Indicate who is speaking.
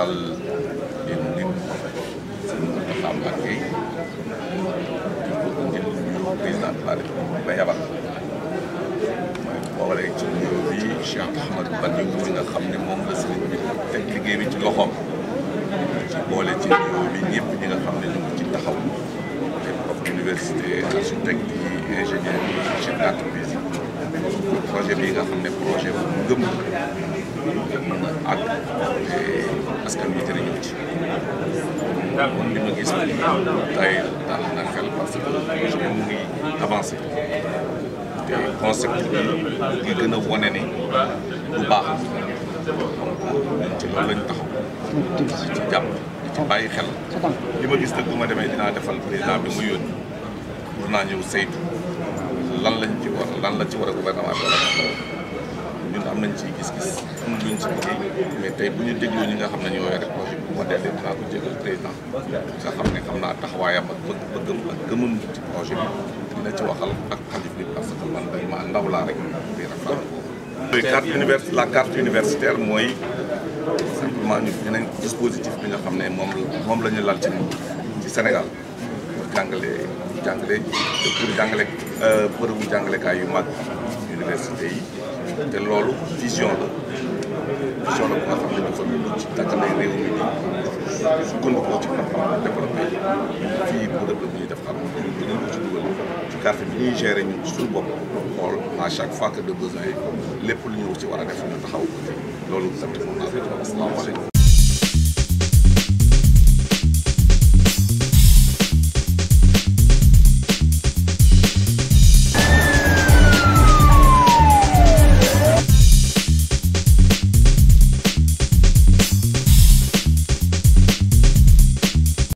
Speaker 1: daal leen lim suñu Mountakha Mbacké di ko nuyu président de la République ba yabal mooy boole ci nuyoo bi Cheikh Ahmadou Badawi mi nga xam ne moom la sëriñ bi teg liggéey bi ci loxoom ci boole ci nuyoo bi ñëpp ñi nga xam ne ñu ngi ci taxaw te comme université architecte yi ingénieur yi chef d'entreprise yi projet bi nga xam ne projet bu gëm mën a àgg askan bi jëriñu ci kon li ma gis tey daal na xel parce que projet bi mu ngi avancé te concept bi di gën a wane ne lu baax donc ci loolu lañ taxaw ci jàpp di ci bàyyi xel li ma gis nag bu ma demee dinaa defal président bi mu yónni pour naa ñëw saytu lan lañ ci war lan la ci war a gouvernement bi ñun am nañ ci gis-gis am mais tey bu ñu dégloo ñi nga xam ne ñoo yore projet bi bu ma dellee dinaa ko jégal président nga xam ne xam naa taxawaayam ak bëgg bëggam ak gëmam ci projet bi dina ci waxal ak xalif bi parce que man dañ maa ndaw laa rek di rafetlu ko la carte universitaire mooy simplement ñu beneen dispositif bi nga xam ne moom moom la ñu lal ci ci Sénégal jàngale jàngale te pour jàngale euh, jàngalekaay yu mag université yi te loolu vision la bu nga xam ne dafa ci tàggat ay réew mi sukkandikoo ci xam-xam la développé fii bërëb la bu def xam dinañ ko ci ci carte bi ñuy gérer ñun suñu bopp xool à chaque fois que de besoin lépp lu ñu ci war a taxaw loolu tamit moom naa fi asalaamaaleykum